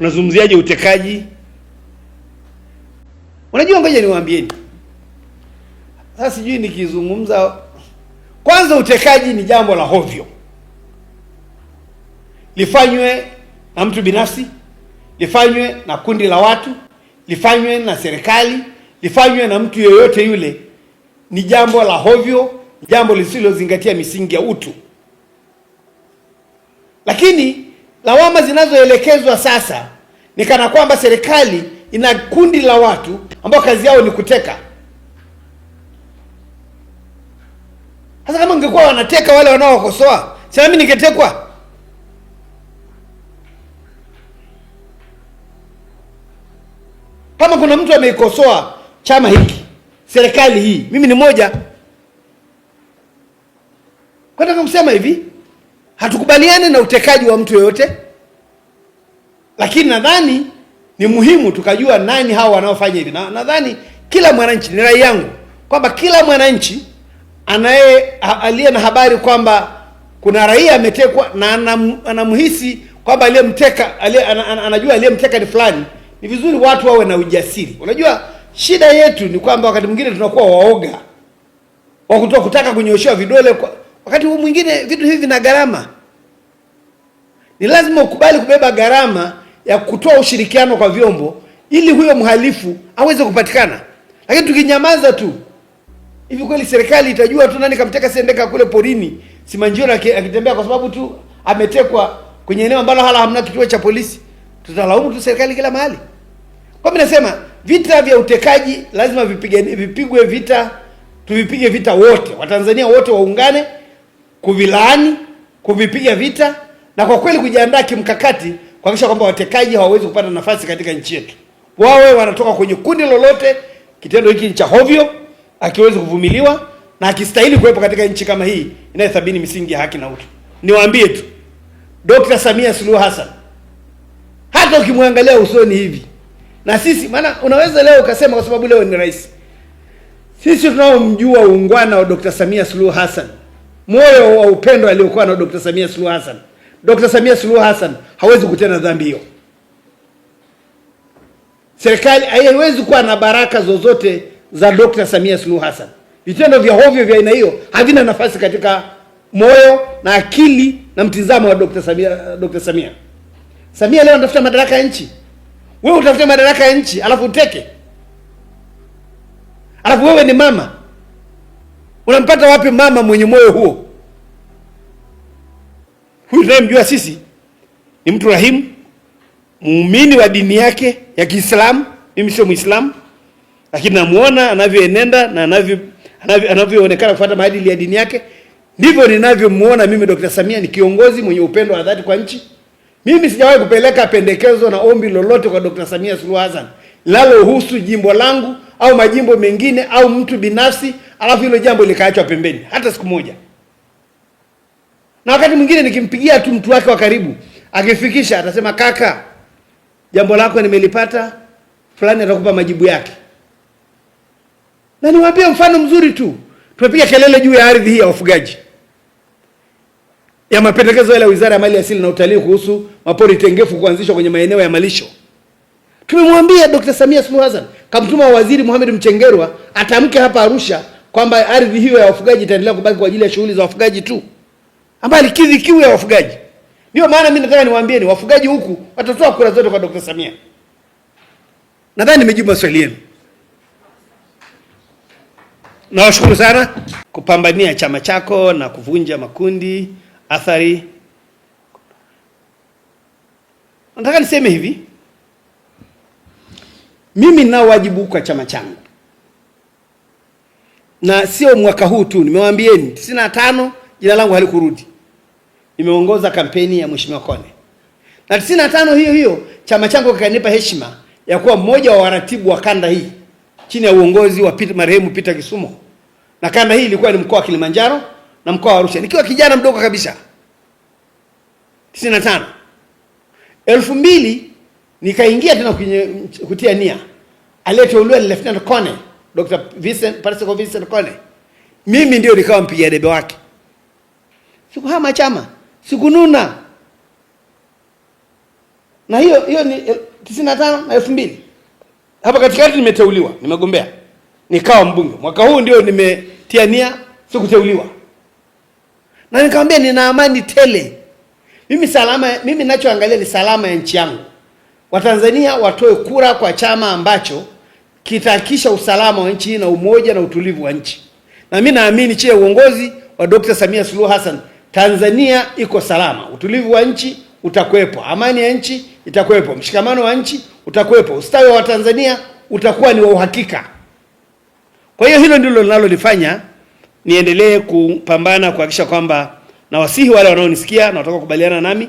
Unazungumziaje utekaji? Unajua, ngoja niwaambieni sasa, sijui nikizungumza. Kwanza, utekaji ni jambo la hovyo, lifanywe na mtu binafsi, lifanywe na kundi la watu, lifanywe na serikali, lifanywe na mtu yoyote yule, ni jambo la hovyo, jambo lisilozingatia misingi ya utu, lakini Lawama zinazoelekezwa sasa ni kana kwamba serikali ina kundi la watu ambao kazi yao ni kuteka. Sasa kama ungekuwa wanateka wale wanaowakosoa, si nami ningetekwa? Kama kuna mtu ameikosoa chama hiki, serikali hii, mimi ni moja. kwenda kumsema hivi hatukubaliani na utekaji wa mtu yoyote, lakini nadhani ni muhimu tukajua nani hao wanaofanya hivi, na nadhani kila mwananchi, ni rai yangu kwamba kila mwananchi anaye aliye na habari kwamba kuna raia ametekwa na anamhisi kwamba aliyemteka alie, an, an, anajua aliyemteka ni fulani, ni vizuri watu wawe na ujasiri. Unajua shida yetu ni kwamba wakati mwingine tunakuwa waoga wa kutaka kunyooshewa vidole kwa, wakati huu mwingine vitu hivi vina gharama ni lazima ukubali kubeba gharama ya kutoa ushirikiano kwa vyombo ili huyo mhalifu aweze kupatikana. Lakini tukinyamaza tu hivi, kweli serikali itajua tu nani kamteka Sendeka kule porini Simanjiro akitembea kwa sababu tu ametekwa kwenye eneo ambalo hala hamna kituo cha polisi? Tutalaumu tu serikali kila mahali. Kwa mimi nasema vita vya utekaji lazima vipige, vipigwe vita, tuvipige vita wote, Watanzania wote waungane kuvilaani, kuvipiga vita na kwa kweli kujiandaa kimkakati kuhakikisha kwamba watekaji hawawezi kupata nafasi katika nchi yetu, wawe wanatoka kwenye kundi lolote. Kitendo hiki ni cha hovyo akiwezi kuvumiliwa na akistahili kuwepo katika nchi kama hii inayothamini misingi ya haki na utu. Niwaambie tu Dr. Samia Suluhu Hassan, hata ukimwangalia usoni hivi na sisi, maana unaweza leo ukasema kwa sababu leo ni rais, sisi tunaomjua uungwana wa Dr. Samia Suluhu Hassan, moyo wa upendo aliokuwa na Dr. Samia Suluhu Hassan Dr. Samia Suluhu Hassan hawezi kutenda dhambi hiyo. Serikali haiwezi kuwa na baraka zozote za Dr. Samia Suluhu Hassan. Vitendo vya hovyo vya aina hiyo havina nafasi katika moyo na akili na mtizamo wa Dr. Samia. Dr. Samia Samia leo anatafuta madaraka ya nchi, wewe utafuta madaraka ya nchi alafu uteke, alafu wewe ni mama, unampata wapi mama mwenye moyo huo? Huyu tunayemjua sisi ni mtu rahimu, muumini wa dini yake ya Kiislamu. Mimi sio Muislamu, lakini namuona anavyoenenda na anavyo anavyoonekana kufuata maadili ya dini yake, ndivyo ninavyomuona mimi. Dr. Samia ni kiongozi mwenye upendo wa dhati kwa nchi. Mimi sijawahi kupeleka pendekezo na ombi lolote kwa Dr. Samia Suluhu Hassan linalohusu jimbo langu au majimbo mengine au mtu binafsi, alafu hilo jambo likaachwa pembeni hata siku moja na wakati mwingine nikimpigia tu mtu wake wa karibu akifikisha, atasema kaka, jambo lako nimelipata, fulani atakupa majibu yake. Na niwapie mfano mzuri tu, tumepiga kelele juu ya ardhi hii ya wafugaji ya mapendekezo yale ya Wizara ya Mali Asili na Utalii kuhusu mapori tengefu kuanzishwa kwenye maeneo ya malisho. Tumemwambia Dr. Samia Suluhu Hassan, kamtuma Waziri Mohamed Mchengerwa atamke hapa Arusha kwamba ardhi hiyo ya wafugaji itaendelea kubaki kwa ajili ya shughuli za wafugaji tu ambaye alikidhi kiu ya wafugaji. Ndio maana mimi nataka ni wafugaji huku watatoa kura zote kwa Dr. Samia. Nadhani nimejibu maswali yenu. Nawashukuru sana kupambania chama chako na kuvunja makundi athari. Nataka niseme hivi, mimi ninao wajibu kwa chama changu, na sio mwaka huu tu, nimewaambieni 95 jina langu halikurudi. Nimeongoza kampeni ya Mheshimiwa Kone na tisini na tano hiyo hiyo chama changu kikanipa heshima ya kuwa mmoja wa waratibu wa kanda hii chini ya uongozi wa Peter, marehemu Peter Kisumo, na kanda hii ilikuwa ni mkoa wa Kilimanjaro na mkoa wa Arusha nikiwa kijana mdogo kabisa 95. Elfu mbili nikaingia tena kwenye kutia nia, aliyeteuliwa ni Lieutenant Kone, Dr. Vincent Patrick Vincent Kone, mimi ndio nikawa mpiga debe wake sikuhama chama, sikununa. Na hiyo hiyo ni eh, tisini na tano na elfu mbili hapa katikati nimeteuliwa, nimegombea nikawa mbunge. Mwaka huu ndio nimetia nia, sikuteuliwa, na nikamwambia nina amani tele mimi. Salama mimi ninachoangalia ni salama ya nchi yangu. Watanzania watoe kura kwa chama ambacho kitahakikisha usalama wa nchi na umoja na utulivu wa nchi, na mimi naamini chia uongozi wa Dr. Samia Suluhu Hassan Tanzania iko salama, utulivu wa nchi utakuwepo, amani ya nchi itakuwepo, mshikamano wa nchi utakuwepo, ustawi wa Tanzania utakuwa ni wa uhakika. Kwa hiyo hilo ndilo linalolifanya niendelee kupambana kuhakikisha kwamba, na wasihi wale wanaonisikia na wataka kubaliana nami